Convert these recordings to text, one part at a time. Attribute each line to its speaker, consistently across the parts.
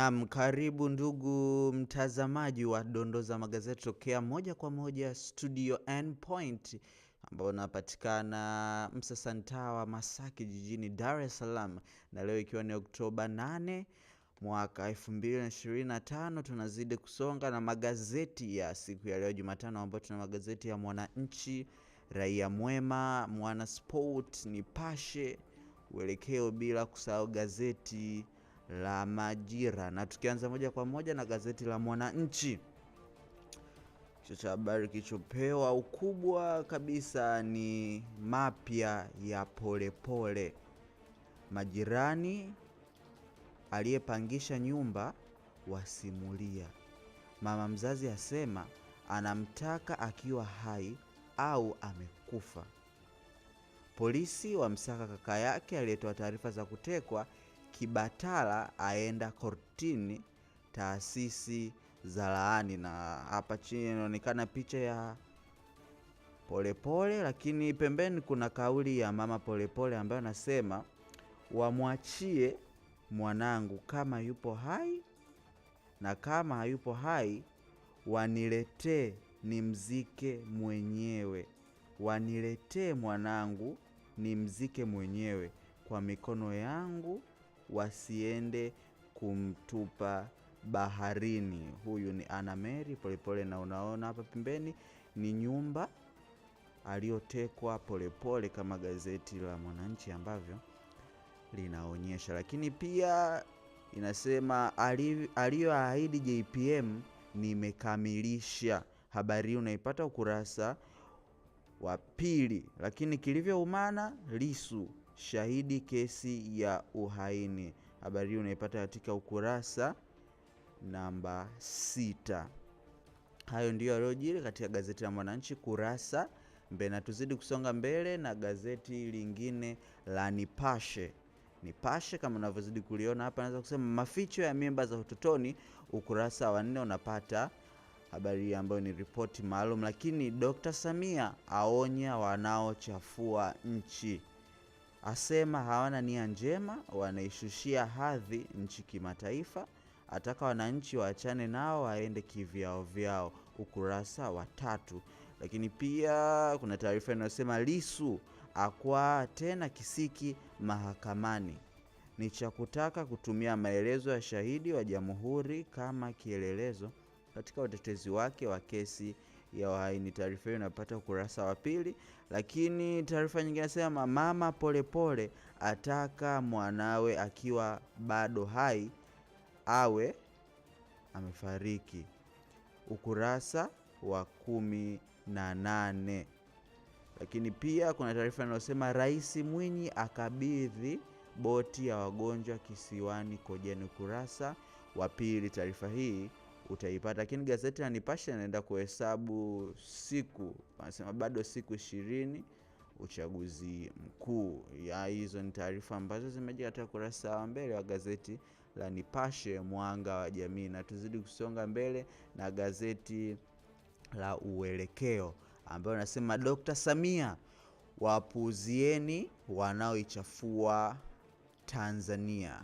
Speaker 1: Naam, karibu ndugu mtazamaji wa dondoo za magazeti tokea moja kwa moja studio N Point ambao unapatikana Msasantawa, Masaki, jijini Dar es Salaam, na leo ikiwa ni Oktoba 8 mwaka 2025 tunazidi kusonga na magazeti ya siku ya leo Jumatano, ambayo tuna magazeti ya Mwananchi, Raia Mwema, Mwanasport, Nipashe, Uelekeo, bila kusahau gazeti la Majira, na tukianza moja kwa moja na gazeti la Mwananchi, kichwa cha habari kilichopewa ukubwa kabisa ni mapya ya Polepole pole. Majirani aliyepangisha nyumba wasimulia, mama mzazi asema anamtaka akiwa hai au amekufa. Polisi wamsaka kaka yake aliyetoa taarifa za kutekwa Kibatala aenda kortini taasisi za laani. Na hapa chini inaonekana picha ya Polepole pole, lakini pembeni kuna kauli ya mama Polepole ambayo anasema wamwachie mwanangu kama yupo hai na kama hayupo hai waniletee nimzike mwenyewe, waniletee mwanangu nimzike mwenyewe kwa mikono yangu wasiende kumtupa baharini. Huyu ni Anna Mary Polepole, na unaona hapa pembeni ni nyumba aliyotekwa Polepole kama gazeti la Mwananchi ambavyo linaonyesha. Lakini pia inasema aliyoahidi JPM nimekamilisha. Habari hii unaipata ukurasa wa pili. Lakini kilivyoumana Lisu shahidi kesi ya uhaini. Habari hii unaipata katika ukurasa namba sita. Hayo ndiyo yaliyojiri katika gazeti la Mwananchi kurasa mbele, na tuzidi kusonga mbele na gazeti lingine la Nipashe. Nipashe kama unavyozidi kuliona hapa, naweza kusema maficho ya mimba za utotoni, ukurasa wa nne unapata habari ambayo ni ripoti maalum, lakini Dr. Samia aonya wanaochafua nchi asema hawana nia njema, wanaishushia hadhi nchi kimataifa, ataka wananchi waachane nao waende kivyao vyao, ukurasa wa tatu. Lakini pia kuna taarifa inayosema Lisu akwaa tena kisiki mahakamani, ni cha kutaka kutumia maelezo ya shahidi wa jamhuri kama kielelezo katika utetezi wake wa kesi ya uhaini. Taarifa hiyo inapata ukurasa wa pili, lakini taarifa nyingine inasema mama Polepole pole ataka mwanawe akiwa bado hai awe amefariki, ukurasa wa kumi na nane. Lakini pia kuna taarifa inayosema Rais Mwinyi akabidhi boti ya wagonjwa kisiwani Kojani, ukurasa wa pili. Taarifa hii utaipata. Lakini gazeti la Nipashe anaenda kuhesabu siku, anasema bado siku ishirini uchaguzi mkuu. Ya hizo ni taarifa ambazo zimeja katika kurasa wa mbele wa gazeti la Nipashe mwanga wa jamii, na tuzidi kusonga mbele na gazeti la Uelekeo ambayo anasema Dkt. Samia, wapuzieni wanaoichafua Tanzania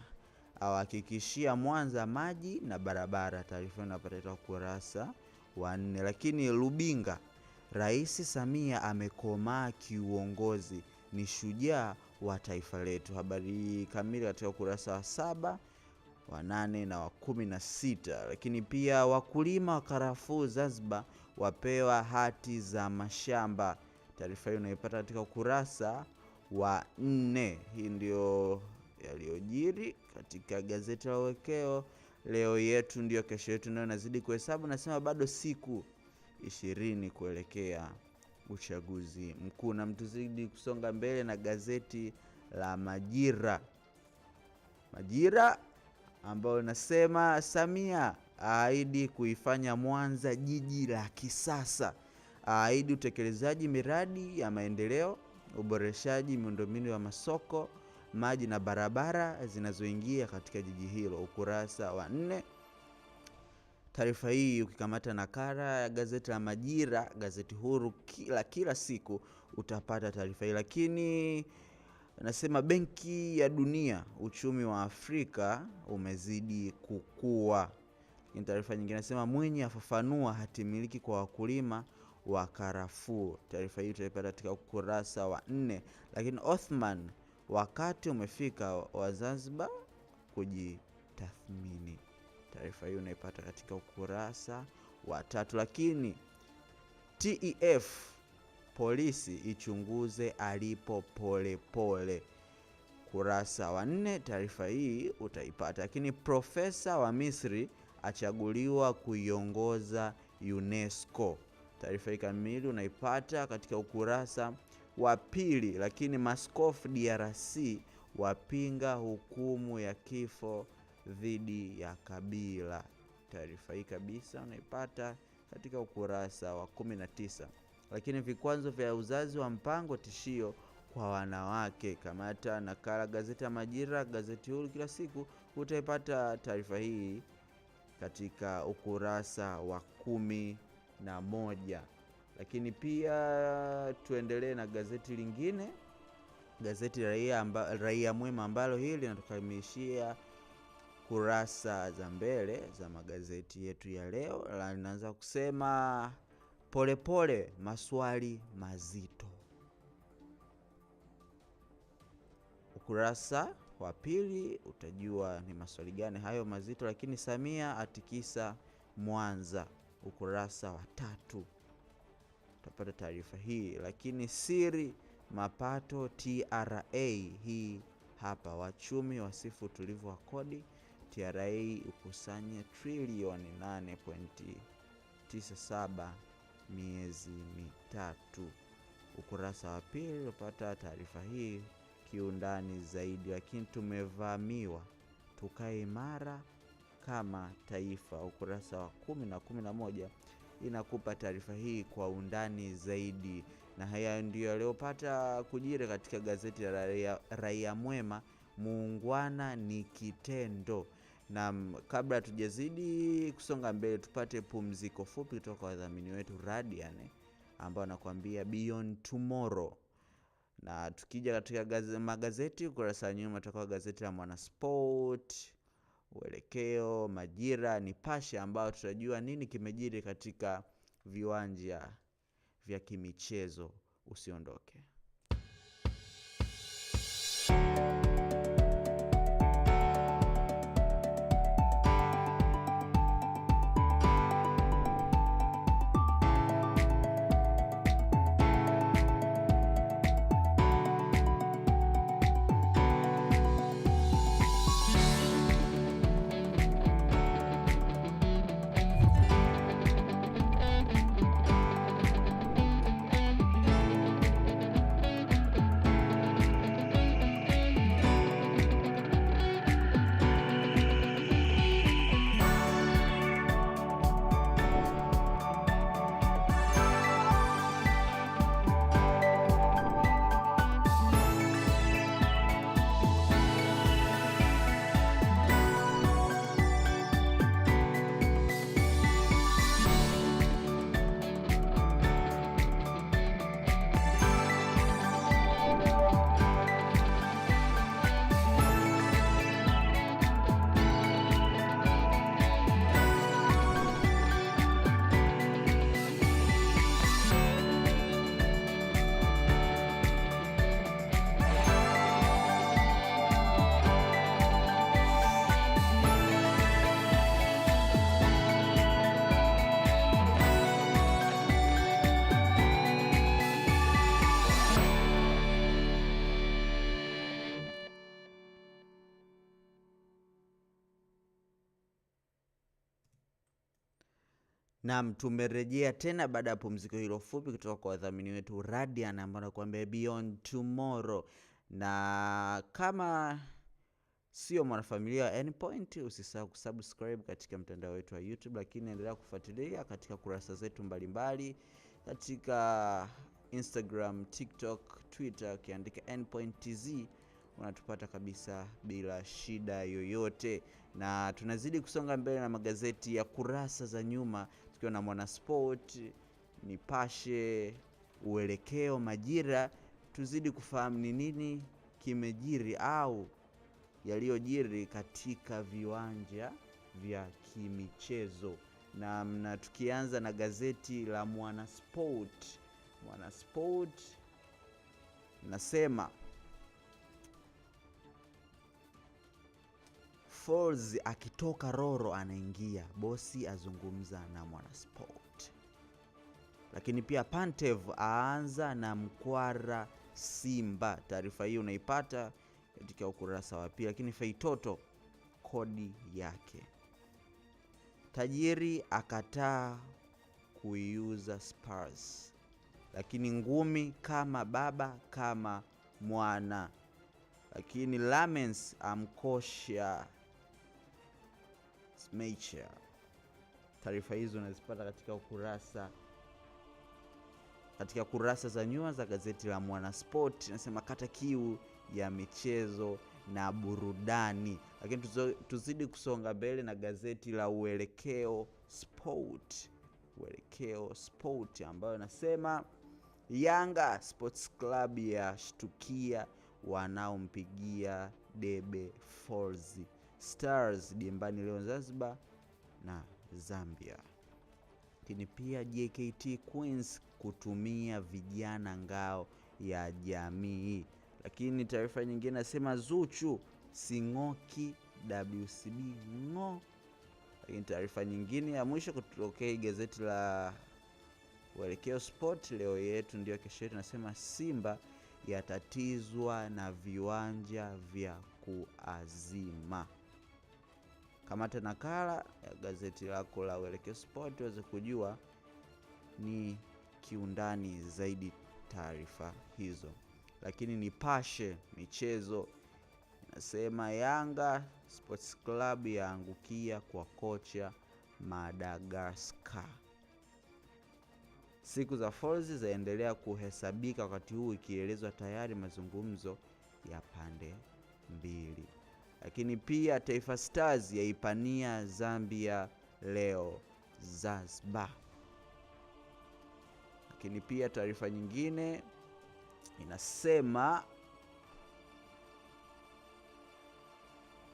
Speaker 1: awahakikishia Mwanza maji na barabara. Taarifa hiyo katika ukurasa wa nne. Lakini Lubinga, Rais Samia amekomaa kiuongozi, ni shujaa wa taifa letu. Habari kamili katika ukurasa wa saba wa nane na wa kumi na sita. Lakini pia wakulima wa karafuu Zanzibar wapewa hati za mashamba. Taarifa hiyo unaipata katika ukurasa wa nne. Hii ndio katika gazeti la uwekeo leo yetu ndiyo kesho yetu, nayo nazidi kuhesabu, nasema bado siku ishirini kuelekea uchaguzi mkuu, na mtuzidi kusonga mbele na gazeti la Majira, Majira ambayo nasema Samia aahidi kuifanya Mwanza jiji la kisasa, aahidi utekelezaji miradi ya maendeleo, uboreshaji miundombinu ya masoko maji na barabara zinazoingia katika jiji hilo, ukurasa wa nne. Taarifa hii ukikamata nakala ya gazeti la Majira, gazeti huru kila kila siku utapata taarifa hii, lakini nasema Benki ya Dunia, uchumi wa Afrika umezidi kukua. Taarifa nyingine nasema Mwinyi afafanua hatimiliki kwa wakulima wa karafuu. Taarifa hii utaipata katika ukurasa wa nne, lakini Othman Wakati umefika wa Zanzibar kujitathmini. Taarifa hii unaipata katika ukurasa wa tatu. Lakini TEF polisi ichunguze alipo Polepole, kurasa wa nne. Taarifa hii utaipata. Lakini profesa wa Misri achaguliwa kuiongoza UNESCO. Taarifa hii kamili unaipata katika ukurasa wa pili, lakini maskofu DRC wapinga hukumu ya kifo dhidi ya Kabila. Taarifa hii kabisa unaipata katika ukurasa wa 19. Lakini vikwazo vya uzazi wa mpango tishio kwa wanawake. Kamata nakala gazeti ya Majira, gazeti huru kila siku, utaipata taarifa hii katika ukurasa wa kumi na moja. Lakini pia tuendelee na gazeti lingine, gazeti Raia, amba, Raia Mwema ambalo hili linatukamilishia kurasa za mbele za magazeti yetu ya leo. Linaanza kusema polepole pole, maswali mazito. Ukurasa wa pili utajua ni maswali gani hayo mazito. Lakini Samia atikisa Mwanza, ukurasa wa tatu utapata taarifa hii, lakini siri mapato TRA hii hapa, wachumi wasifu tulivu wa kodi, TRA ukusanye trilioni 8.97 miezi mitatu. Ukurasa wa pili upata taarifa hii kiundani zaidi, lakini tumevamiwa, tukae imara kama taifa. Ukurasa wa 10 na inakupa taarifa hii kwa undani zaidi, na haya ndiyo yaliyopata kujiri katika gazeti la Raia, Raia Mwema. Muungwana ni kitendo. Na kabla tujazidi kusonga mbele, tupate pumziko fupi kutoka kwa wadhamini wetu Radian ambao anakuambia Beyond Tomorrow. Na tukija katika magazeti ukurasa wa nyuma, tutakuwa gazeti la Mwanasport uelekeo, majira, Nipashe, ambayo tutajua nini kimejiri katika viwanja vya kimichezo. Usiondoke. Naam, tumerejea tena baada ya pumziko hilo fupi kutoka kwa wadhamini wetu Radian ambao anakuambia Beyond Tomorrow, na kama sio mwanafamilia wa nPoint, usisahau kusubscribe katika mtandao wetu wa YouTube, lakini endelea kufuatilia katika kurasa zetu mbalimbali katika Instagram, TikTok, Twitter. Ukiandika nPoint TZ unatupata kabisa bila shida yoyote, na tunazidi kusonga mbele na magazeti ya kurasa za nyuma tukiwa na Mwanasport, Nipashe, Uelekeo, Majira, tuzidi kufahamu ni nini kimejiri au yaliyojiri katika viwanja vya kimichezo na, tukianza na gazeti la Mwanasport. Mwanasport nasema Falls akitoka Roro anaingia, bosi azungumza na Mwanasport. Lakini pia Pantev aanza na mkwara Simba. Taarifa hii unaipata katika ukurasa wa pili. Lakini Feitoto kodi yake, tajiri akataa kuiuza Spurs. Lakini ngumi kama baba kama mwana. Lakini Lamens amkosha Mecha. Taarifa hizo unazipata katika ukurasa katika kurasa za nyuma za gazeti la Mwanasport, nasema kata kiu ya michezo na burudani. Lakini tuzidi kusonga mbele na gazeti la Uelekeo Sport, Uelekeo Sport ambayo nasema Yanga Sports Club shtukia wanaompigia debe forzi Stars dimbani leo Zanzibar na Zambia. Lakini pia JKT Queens kutumia vijana ngao ya jamii. Lakini taarifa nyingine nasema Zuchu Sing'oki WCB ng'o. Lakini taarifa nyingine ya mwisho kutokea gazeti la Uelekeo Sport, leo yetu ndio kesho yetu, nasema Simba yatatizwa na viwanja vya kuazima. Kamata nakala ya eh, gazeti lako la Uelekeo Sport uweze kujua ni kiundani zaidi taarifa hizo. Lakini ni pashe michezo inasema Yanga Sports Club yaangukia kwa kocha Madagascar. Siku za forzi zaendelea kuhesabika wakati huu ikielezwa tayari mazungumzo ya pande mbili. Lakini pia Taifa Stars yaipania Zambia leo Zanzibar. Lakini pia taarifa nyingine inasema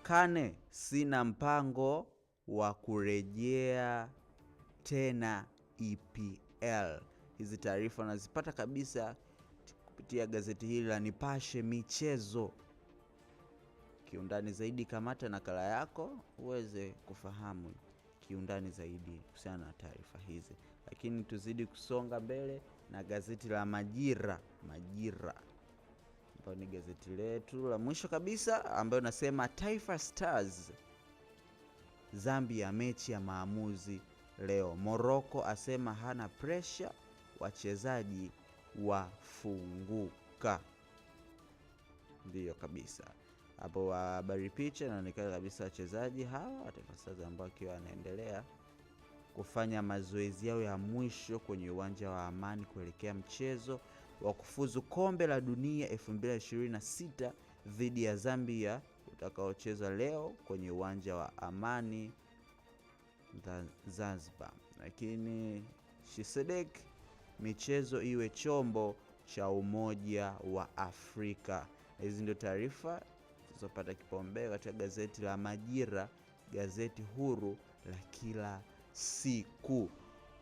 Speaker 1: Kane, sina mpango wa kurejea tena EPL. Hizi taarifa unazipata kabisa kupitia gazeti hili la Nipashe Michezo kiundani zaidi. Kamata nakala yako uweze kufahamu kiundani zaidi kuhusiana na taarifa hizi, lakini tuzidi kusonga mbele na gazeti la Majira. Majira ambayo ni gazeti letu la mwisho kabisa, ambayo nasema Taifa Stars Zambia, mechi ya maamuzi leo. Moroko asema hana presha, wachezaji wafunguka. Ndiyo kabisa hapo habari picha inaonekana kabisa wachezaji hawa wa ambao akiwa wanaendelea kufanya mazoezi yao ya mwisho kwenye uwanja wa Amani kuelekea mchezo wa kufuzu kombe la dunia 2026 dhidi ya Zambia utakaochezwa leo kwenye uwanja wa Amani Zanzibar. Lakini Shisedek, michezo iwe chombo cha umoja wa Afrika. Hizi ndio taarifa zinazopata kipaumbele katika gazeti la Majira, gazeti huru la kila siku.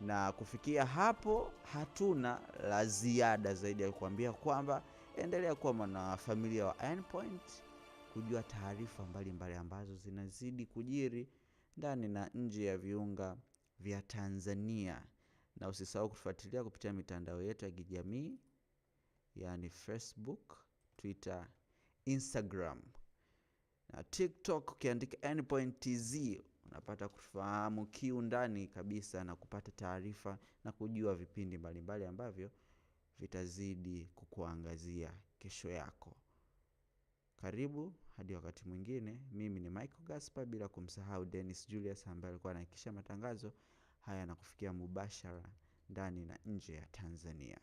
Speaker 1: Na kufikia hapo, hatuna la ziada zaidi ya kukuambia kwamba endelea kuwa mwanafamilia wa Npoint kujua taarifa mbalimbali ambazo zinazidi kujiri ndani na nje ya viunga vya Tanzania, na usisahau kutufuatilia kupitia mitandao yetu ya kijamii, yaani Facebook, Twitter, Instagram na TikTok ukiandika Endpoint TZ unapata kufahamu kiundani kabisa na kupata taarifa na kujua vipindi mbalimbali ambavyo vitazidi kukuangazia kesho yako. Karibu hadi wakati mwingine. Mimi ni Michael Gaspar, bila kumsahau Dennis Julius ambaye alikuwa anaakikisha matangazo haya na kufikia mubashara ndani na nje ya Tanzania.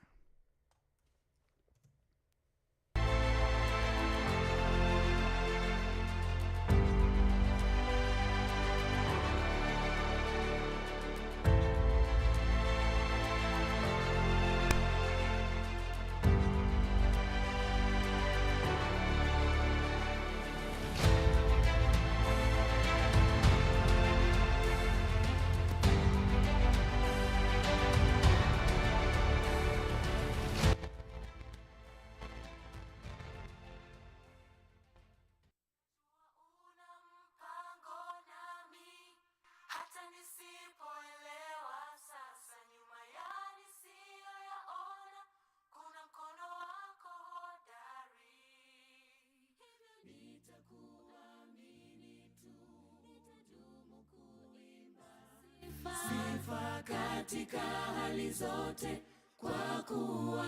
Speaker 2: sifa katika hali zote, kwa kuwa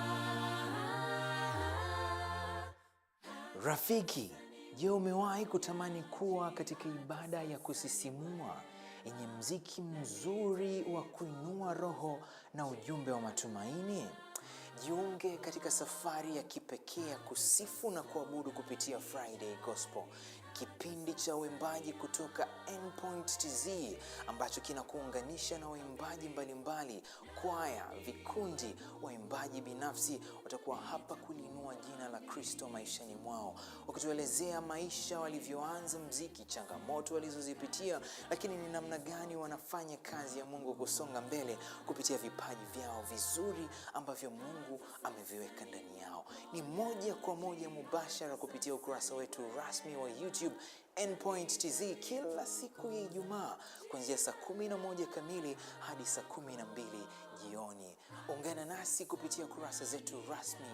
Speaker 2: rafiki. Je, umewahi kutamani kuwa katika ibada ya kusisimua yenye mziki mzuri wa kuinua roho na ujumbe wa matumaini? Jiunge katika safari ya kipekee ya kusifu na kuabudu kupitia Friday Gospel, kipindi cha uimbaji kutoka Endpoint TZ ambacho kinakuunganisha na waimbaji mbalimbali, kwaya, vikundi, waimbaji binafsi. Watakuwa hapa kuliinua jina la Kristo maishani mwao, wakituelezea maisha walivyoanza mziki, changamoto walizozipitia, lakini ni namna gani wanafanya kazi ya Mungu kusonga mbele kupitia vipaji vyao vizuri ambavyo Mungu ameviweka ndani yao. Ni moja kwa moja mubashara kupitia ukurasa wetu rasmi wa YouTube nPoint TZ kila siku ya Ijumaa kuanzia saa kumi na moja kamili hadi saa kumi na mbili jioni. Ungana nasi kupitia kurasa zetu rasmi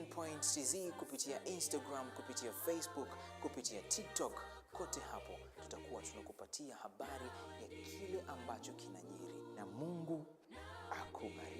Speaker 2: nPoint TZ kupitia Instagram, kupitia Facebook, kupitia TikTok. Kote hapo tutakuwa tunakupatia habari ya kile ambacho kinajiri, na Mungu akubariki.